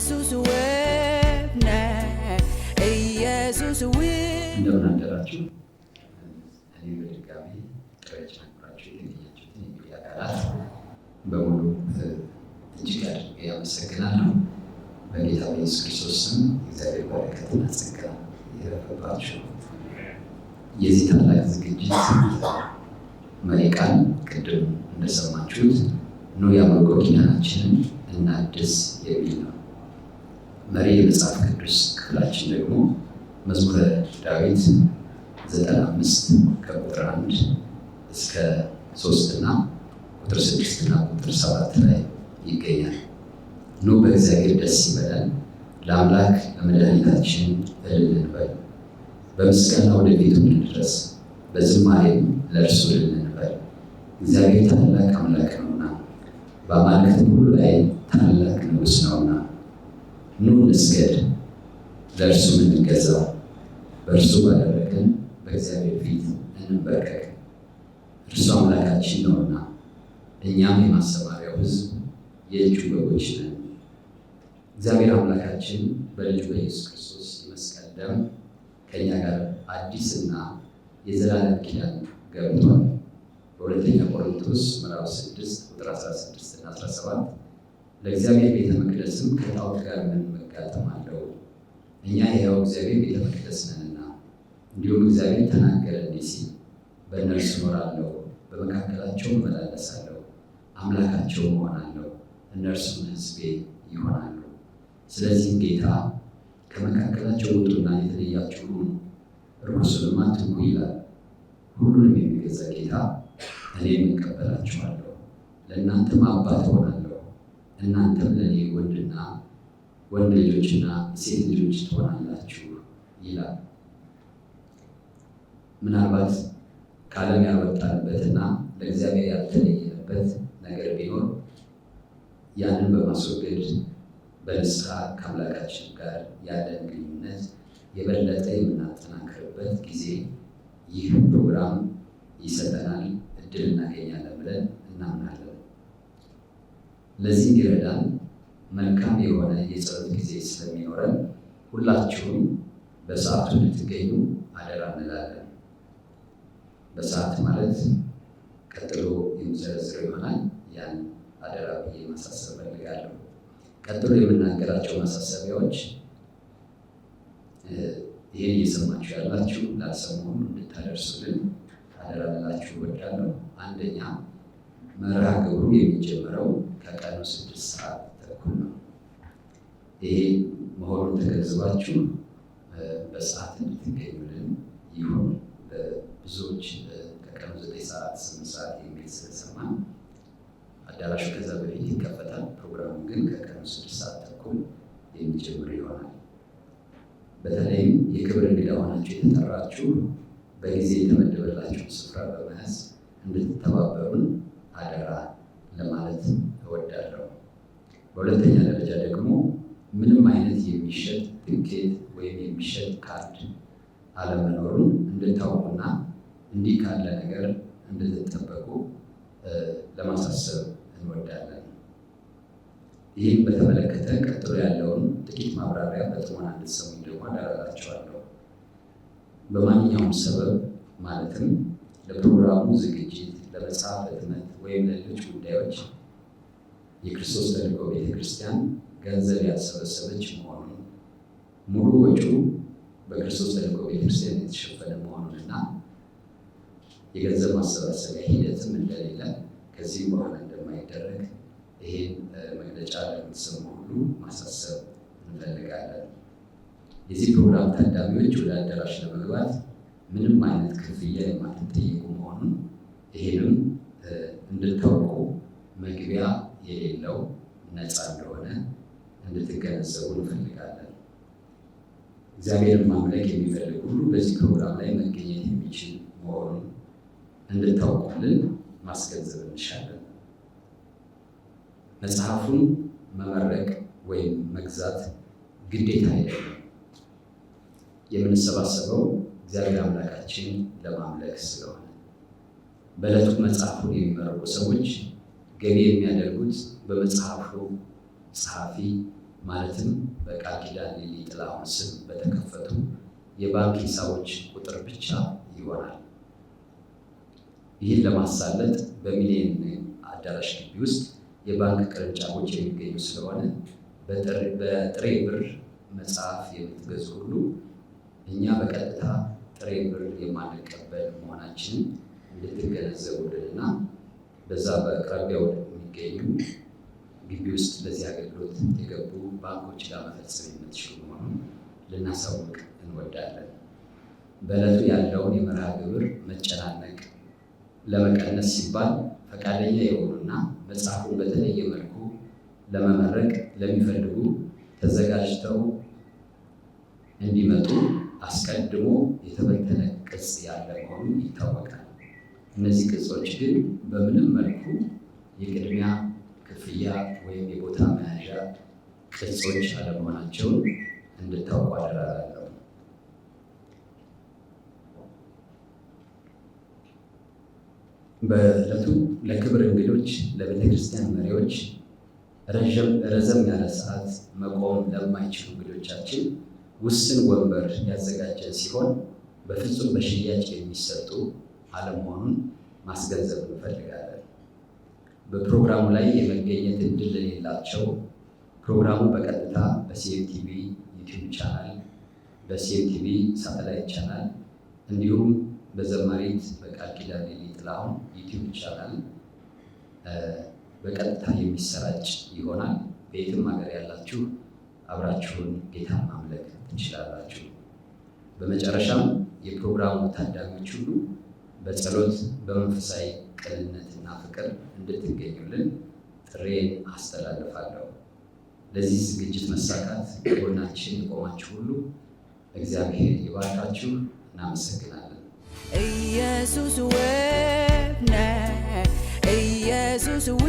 ኢየሱስ ውብ ነህ ኢየሱስ ውብ እንደምን አደራችሁ። በሙሉ እጅግ አድርጌ ያመሰግናለሁ። በጌታ በኢየሱስ ክርስቶስ ስም እግዚአብሔር በረከትና ጸጋ ይረፍባችሁ። የዚህ ታላቅ ዝግጅት መሪ ቃል ቅድም እንደሰማችሁት ኑ የአምልኮ ኪዳናችንን እናድስ የሚል ነው። መሪ የመጽሐፍ ቅዱስ ክፍላችን ደግሞ መዝሙረ ዳዊት ዘጠና አምስት ከቁጥር አንድ እስከ ሶስትና ቁጥር ስድስትና ቁጥር ሰባት ላይ ይገኛል። ኑ በእግዚአብሔር ደስ ይበላል፣ ለአምላክ ለመድኃኒታችን እልል እንበል። በምስጋና ወደ ቤቱ እንድረስ፣ በዝማሬም ለእርሱ እልል እንበል። እግዚአብሔር ታላቅ አምላክ ነውና፣ በአማልክት ሁሉ ላይ ታላቅ ንጉሥ ነውና ኑ እንስገድ፣ ለእርሱም እንገዛ፣ በእርሱ ባደረገን በእግዚአብሔር ፊት እንንበርከክ፣ እርሱ አምላካችን ነውና እኛም የማሰማሪያው ሕዝብ የእጁ በጎች ነን። እግዚአብሔር አምላካችን በልጁ በኢየሱስ ክርስቶስ የመስቀል ደም ከእኛ ጋር አዲስና የዘላለም ኪዳን ገብቷል። በሁለተኛ ቆሮንቶስ ምዕራፍ 6 ቁጥር 16 እና 17 ለእግዚአብሔር ቤተ መቅደስም ከጣዖት ጋር ምን መጋጠም አለው? እኛ ያው እግዚአብሔር ቤተ መቅደስ ነንና፣ እንዲሁም እግዚአብሔር ተናገረ እንዲህ ሲል በእነርሱ እኖራለሁ፣ በመካከላቸው እመላለሳለሁ፣ አምላካቸው እሆናለሁ፣ እነርሱም ሕዝቤ ይሆናሉ። ስለዚህም ጌታ ከመካከላቸው ውጡና የተለያችሁ ሁኑ፣ ርኩሱንም አትንኩ ይላል። ሁሉንም የሚገዛ ጌታ እኔም እቀበላችኋለሁ፣ ለእናንተም አባት እሆናለሁ እናንተም ለእኔ ወንድና ወንድ ልጆችና ሴት ልጆች ትሆናላችሁ ይላል። ምናልባት ከዓለም ያወጣንበትና ለእግዚአብሔር ያልተለየንበት ነገር ቢኖር ያንን በማስወገድ በንስሐ ከአምላካችን ጋር ያለን ግንኙነት የበለጠ የምናጠናክርበት ጊዜ ይህ ፕሮግራም ይሰጠናል፣ እድል እናገኛለን ብለን እናምናለን። ለዚህ እንዲረዳን መልካም የሆነ የጸሎት ጊዜ ስለሚኖረን ሁላችሁም በሰዓቱ እንድትገኙ አደራ እንላለን። በሰዓት ማለት ቀጥሎ የሚዘረዝረው ይሆናል። ያን አደራ ብዬ ማሳሰብ ፈልጋለሁ። ቀጥሎ የምናገራቸው ማሳሰቢያዎች ይህን እየሰማችሁ ያላችሁ ላልሰማሁም እንድታደርሱልን አደራ ልላችሁ እወዳለሁ። አንደኛ መርሃ ግብሩ የሚጀምረው ከቀኑ ስድስት ሰዓት ተኩል ነው። ይሄ መሆኑን ተገንዝባችሁ በሰዓት እንድትገኙልን ይሁን። ብዙዎች ከቀኑ ዘጠኝ ሰዓት ስምንት ሰዓት የሚል ስለሰማን አዳራሹ ከዛ በፊት ይከፈታል። ፕሮግራሙ ግን ከቀኑ ስድስት ሰዓት ተኩል የሚጀምር ይሆናል። በተለይም የክብር እንግዳ ሆናችሁ የተጠራችሁ በጊዜ የተመደበላችሁን ስፍራ በመያዝ እንድትተባበሩን አደራ ለማለት እወዳለሁ። በሁለተኛ ደረጃ ደግሞ ምንም አይነት የሚሸጥ ትኬት ወይም የሚሸጥ ካርድ አለመኖሩን እንድታውቁና እንዲህ ካለ ነገር እንድትጠበቁ ለማሳሰብ እንወዳለን። ይህም በተመለከተ ቀጥሎ ያለውን ጥቂት ማብራሪያ በጥሞና እንድትሰሙኝ ደግሞ አደራላችኋለሁ። በማንኛውም ሰበብ ማለትም ለፕሮግራሙ ዝግጅት ለቀረጻ፣ ህትመት ወይም ለሌሎች ጉዳዮች የክርስቶስ ተልእኮ ቤተክርስቲያን ገንዘብ ያሰበሰበች መሆኑን ሙሉ ወጪው በክርስቶስ ተልእኮ ቤተክርስቲያን የተሸፈነ መሆኑንና የገንዘብ ማሰባሰቢያ ሂደትም እንደሌለ ከዚህ በኋላ እንደማይደረግ ይህን መግለጫ ለምትሰሙ ሁሉ ማሳሰብ እንፈልጋለን። የዚህ ፕሮግራም ታዳሚዎች ወደ አዳራሽ ለመግባት ምንም አይነት ክፍያ የማትጠየቁ መሆኑን ይህንም እንድታውቁ መግቢያ የሌለው ነፃ እንደሆነ እንድትገነዘቡ እንፈልጋለን። እግዚአብሔርን ማምለክ የሚፈልግ ሁሉ በዚህ ፕሮግራም ላይ መገኘት የሚችል መሆኑን እንድታውቁልን ማስገንዘብ እንሻለን። መጽሐፉን መመረቅ ወይም መግዛት ግዴታ አይደለም። የምንሰባሰበው እግዚአብሔር አምላካችን ለማምለክ ስለሆነ በዕለቱ መጽሐፉ የሚመረቁ ሰዎች ገቢ የሚያደርጉት በመጽሐፉ ጸሐፊ ማለትም በቃል ኪዳን ሊሊ ጥላሁን ስም በተከፈቱ የባንክ ሂሳቦች ቁጥር ብቻ ይሆናል። ይህን ለማሳለጥ በሚሊየን አዳራሽ ግቢ ውስጥ የባንክ ቅርንጫፎች የሚገኙ ስለሆነ በጥሬ ብር መጽሐፍ የምትገዙ ሁሉ እኛ በቀጥታ ጥሬ ብር የማንቀበል መሆናችንን ልትገነዘቡልን እና በዛ በአቅራቢያው የሚገኙ ግቢ ውስጥ ለዚህ አገልግሎት የገቡ ባንኮች ጋር መፈጸም የምትችሉ መሆኑን ልናሳውቅ እንወዳለን። በዕለቱ ያለውን የመርሃ ግብር መጨናነቅ ለመቀነስ ሲባል ፈቃደኛ የሆኑና መጽሐፉን በተለየ መልኩ ለመመረቅ ለሚፈልጉ ተዘጋጅተው እንዲመጡ አስቀድሞ የተበተነ ቅጽ ያለ መሆኑ ይታወቃል። እነዚህ ቅጾች ግን በምንም መልኩ የቅድሚያ ክፍያ ወይም የቦታ መያዣ ቅጾች አለመሆናቸውን እንድታውቁ አደራላለሁ። በዕለቱ ለክብር እንግዶች፣ ለቤተክርስቲያን መሪዎች፣ ረዘም ያለ ሰዓት መቆም ለማይችሉ እንግዶቻችን ውስን ወንበር ያዘጋጀ ሲሆን በፍጹም በሽያጭ የሚሰጡ አለመሆኑን ማስገንዘብ እንፈልጋለን። በፕሮግራሙ ላይ የመገኘት እድል ለሌላቸው ፕሮግራሙ በቀጥታ ቲቪ ዩቲዩብ ቻናል፣ በሲኤምቲቪ ሳተላይት ቻናል እንዲሁም በዘማሪት በቃል ኪዳኔ ጥላሁን ዩቲዩብ ቻናል በቀጥታ የሚሰራጭ ይሆናል። በየትም ሀገር ያላችሁ አብራችሁን ጌታ ማምለክ ትችላላችሁ። በመጨረሻም የፕሮግራሙ ታዳሚዎች ሁሉ በጸሎት በመንፈሳዊ ቅንነትና ፍቅር እንድትገኙልን ጥሬን አስተላልፋለሁ። ለዚህ ዝግጅት መሳካት ከጎናችን የቆማችሁ ሁሉ እግዚአብሔር ይባርካችሁ። እናመሰግናለን። ኢየሱስ ወነ ኢየሱስ ው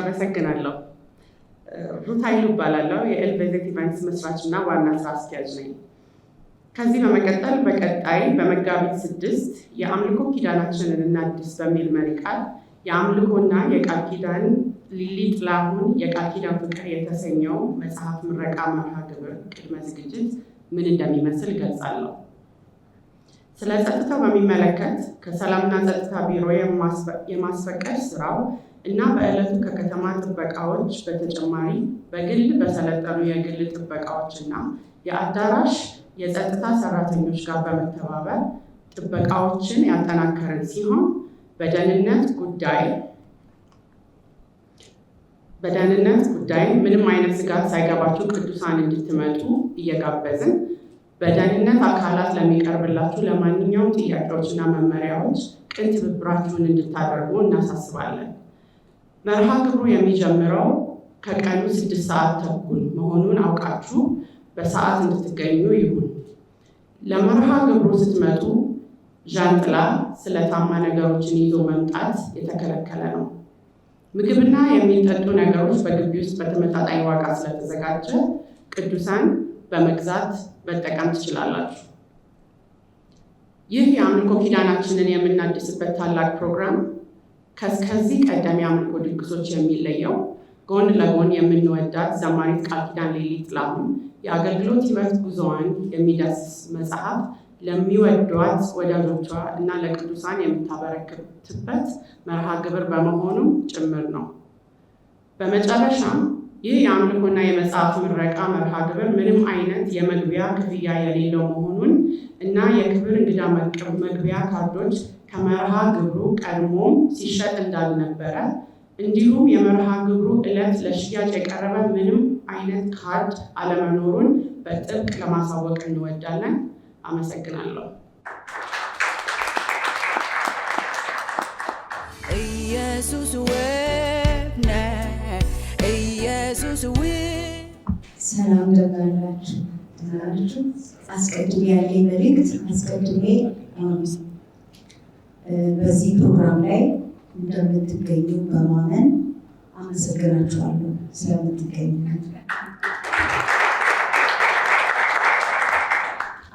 አመሰግናለሁ። ሩት ኃይሉ እባላለሁ። የኤልቬቴት ኢቨንትስ መስራች እና ዋና ስራ አስኪያጅ ነኝ። ከዚህ በመቀጠል በቀጣይ በመጋቢት ስድስት የአምልኮ ኪዳናችንን እናድስ በሚል መሪ ቃል የአምልኮና የቃል ኪዳን ሊሊ ጥላሁን የቃል ኪዳን ፍቅር የተሰኘው መጽሐፍ ምረቃ መርሃ ግብር ቅድመ ዝግጅት ምን እንደሚመስል ገልጻለሁ። ስለ ጸጥታ በሚመለከት ከሰላምና ጸጥታ ቢሮ የማስፈቀድ ስራው እና በዕለቱ ከከተማ ጥበቃዎች በተጨማሪ በግል በሰለጠኑ የግል ጥበቃዎች እና የአዳራሽ የጸጥታ ሰራተኞች ጋር በመተባበር ጥበቃዎችን ያጠናከርን ሲሆን በደህንነት ጉዳይ በደህንነት ጉዳይ ምንም አይነት ስጋት ሳይገባችሁ ቅዱሳን እንድትመጡ እየጋበዝን በደህንነት አካላት ለሚቀርብላችሁ ለማንኛውም ጥያቄዎችና መመሪያዎች ቅን ትብብራችሁን እንድታደርጉ እናሳስባለን። መርሃ ግብሩ የሚጀምረው ከቀኑ ስድስት ሰዓት ተኩል መሆኑን አውቃችሁ በሰዓት እንድትገኙ ይሁን። ለመርሃ ግብሩ ስትመጡ ዣንጥላ፣ ስለታማ ነገሮችን ይዞ መምጣት የተከለከለ ነው። ምግብና የሚጠጡ ነገሮች በግቢ ውስጥ በተመጣጣኝ ዋጋ ስለተዘጋጀ ቅዱሳን በመግዛት መጠቀም ትችላላችሁ። ይህ የአምልኮ ኪዳናችንን የምናድስበት ታላቅ ፕሮግራም ከዚህ ቀደም የአምልኮ ድግሶች የሚለየው ጎን ለጎን የምንወዳት ዘማሪት ቃልኪዳን ኪዳን ሌሊት ጥላሁን የአገልግሎት ሕይወት ጉዞዋን የሚዳስስ መጽሐፍ ለሚወዷት ወዳጆቿ እና ለቅዱሳን የምታበረክትበት መርሃ ግብር በመሆኑም ጭምር ነው። በመጨረሻም ይህ የአምልኮና የመጽሐፍ ምረቃ መርሃ ግብር ምንም አይነት የመግቢያ ክፍያ የሌለው መሆኑን እና የክብር እንግዳ መግቢያ ካርዶች ከመርሃ ግብሩ ቀድሞም ሲሸጥ እንዳልነበረ እንዲሁም የመርሃ ግብሩ ዕለት ለሽያጭ የቀረበ ምንም አይነት ካርድ አለመኖሩን በጥብቅ ለማሳወቅ እንወዳለን። አመሰግናለሁ። ኢየሱስ ሰላም ደጋላችሁ ናችሁ። አስቀድሜ ያለኝ መልእክት አስቀድሜ በዚህ ፕሮግራም ላይ እንደምትገኙ በማመን አመሰግናችኋለሁ ስለምትገኙ።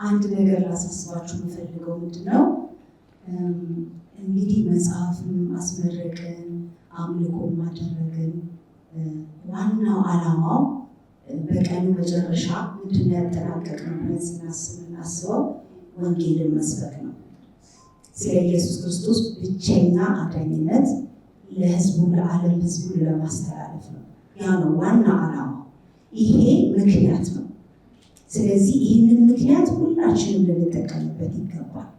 አንድ ነገር ላሳስባችሁ የምፈልገው ምንድን ነው እንግዲህ መጽሐፍም አስመረቅን አምልኮም አደረግን ዋናው ዓላማው በቀኑ መጨረሻ ምንድን ያጠናቀቅነው ብለን ስናስብ እናስበው ወንጌልን መስበክ ነው። ስለ ኢየሱስ ክርስቶስ ብቸኛ አዳኝነት ለህዝቡ ለዓለም ህዝቡ ለማስተላለፍ ነው። ያ ነው ዋና ዓላማ። ይሄ ምክንያት ነው። ስለዚህ ይህንን ምክንያት ሁላችንም ልንጠቀምበት ይገባል።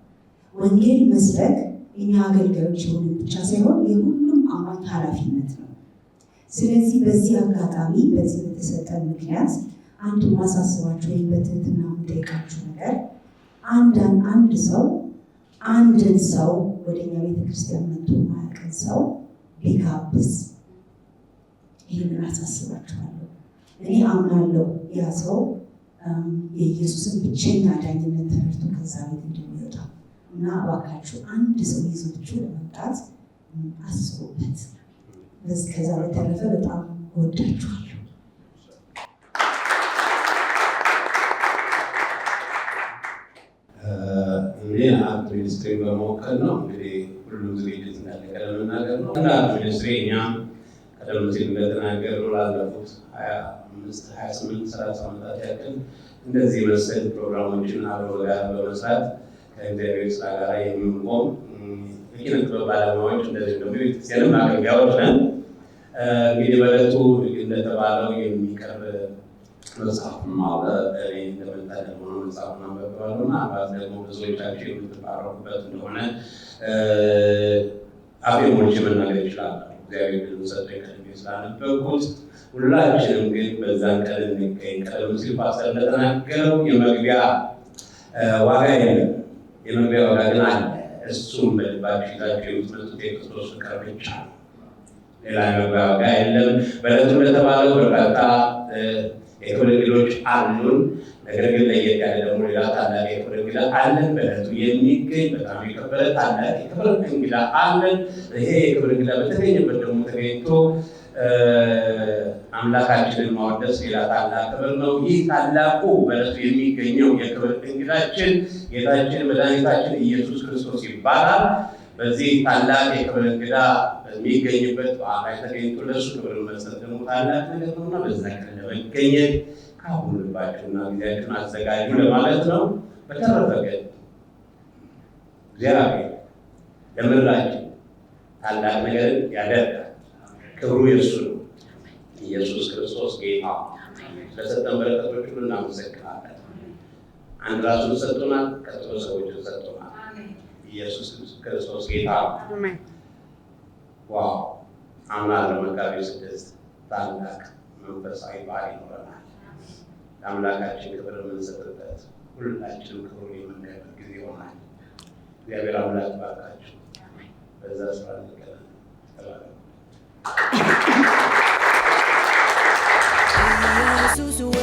ወንጌል መስበክ እኛ አገልጋዮች የሆነ ብቻ ሳይሆን የሁሉም አማኝ ኃላፊነት ነው። ስለዚህ በዚህ አጋጣሚ በዚህ በተሰጠን ምክንያት አንድ ማሳስባቸው ወይም በትህትና የምጠይቃችሁ ነገር አንዳን አንድ ሰው አንድን ሰው ወደኛ ቤተክርስቲያን መጥቶ ማያውቅን ሰው ቢጋብዝ ይህንን አሳስባችኋለሁ። እኔ አምናለሁ ያ ሰው የኢየሱስን ብቸኛ ዳኝነት ተረድቶ ከዛ ቤት እንደሚወጣ እና እባካችሁ አንድ ሰው ይዛችሁ ለመምጣት አስቡበት። ከዛ በተረፈ በጣም ወዳችኋለሁ። ሌላ አርት ሚኒስትሪ በመወከል ነው እንግዲህ ሁሉም ዝግጅት እንዳለ ቀደም መናገር ነው። እና አርት ሚኒስትሪ እኛ ቀደም ሲል እንደተናገር ላለፉት ሀያ አምስት ሀያ ስምንት ሰላሳ ዓመታት ያክል እንደዚህ መሰል ፕሮግራሞችን አብሮ ጋር በመስራት ከእግዚአብሔር ስራ ጋር የምንቆም የኪነ ጥበብ ባለሙያዎች እንደዚህ ደግሞ የቤተክርስቲያንም ማገልገያዎች ነን። እንግዲህ በዕለቱ እንደተባለው የሚቀርብ መጽሐፍ ማለ እኔ እንደመታደል ሆኖ መጽሐፍ ማንበባሉ እና አባት ደግሞ ብዙዎቻቸው የምትባረኩበት እንደሆነ አፌ ሞልቼ መናገር ይችላል። እግዚአብሔር ብዙ ሰጠኝ ቀድሜ ስላነበብኩት ሁላችንም ግን በዛን ቀን የሚገኝ ቀደም ሲል ፓስተር እንደተናገረው የመግቢያ ዋጋ የለም። የመግቢያ ዋጋ ግን አለ እሱም በልባችሁ ይዛችሁ የምትመጡት የክርስቶስ ፍቅር ብቻ ነው። ሌላ መጓጓያ የለም። በለቱ እንደተባለው በርካታ የክብር አሉን። ነገር ግን ለየት ያለ ደግሞ ሌላ ታላቅ የክብር አለን። በለቱ የሚገኝ በጣም የከበረ ታላቅ የክብር እንግዳ አለን። ይሄ የክብር እንግዳ በተገኘበት ደግሞ ተገኝቶ አምላካችንን ማወደስ ሌላ ታላቅ ክብር ነው። ይህ ታላቁ በእለቱ የሚገኘው የክብር እንግዳችን ጌታችን መድኃኒታችን ኢየሱስ ክርስቶስ ይባላል። በዚህ ታላቅ የክብር እንግዳ በሚገኝበት በአማይ ተገኝቶ ለእሱ ክብር መስጠት ደግሞ ታላቅ ነገር ነውና በዛ ቀን ለመገኘት ካሁን ልባችሁና ጊዜያችሁን አዘጋጁ ለማለት ነው። በተረፈ ግን እግዚአብሔር ለምድራችን ታላቅ ነገር ያደርጋል። ክብሩ የእሱ ነው። ኢየሱስ ክርስቶስ ጌታ ለሰጠን በረከቶች ሁሉ እናመሰግናለን። አንድ ራሱን ሰጥቶናል፣ ቀጥሎ ሰዎችን ሰጥቶናል። ኢየሱስ ክርስቶስ ጌታ ዋው! አምላክ ለመጋቢ ስድስት ታላቅ መንፈሳዊ በዓል ይኖረናል። ለአምላካችን ክብር የምንሰጥበት ሁላችን ክብሩ የምንገበት ጊዜ ይሆናል። እግዚአብሔር አምላክ ባርካችሁ በዛ ስራ እንገናኝ። Jesus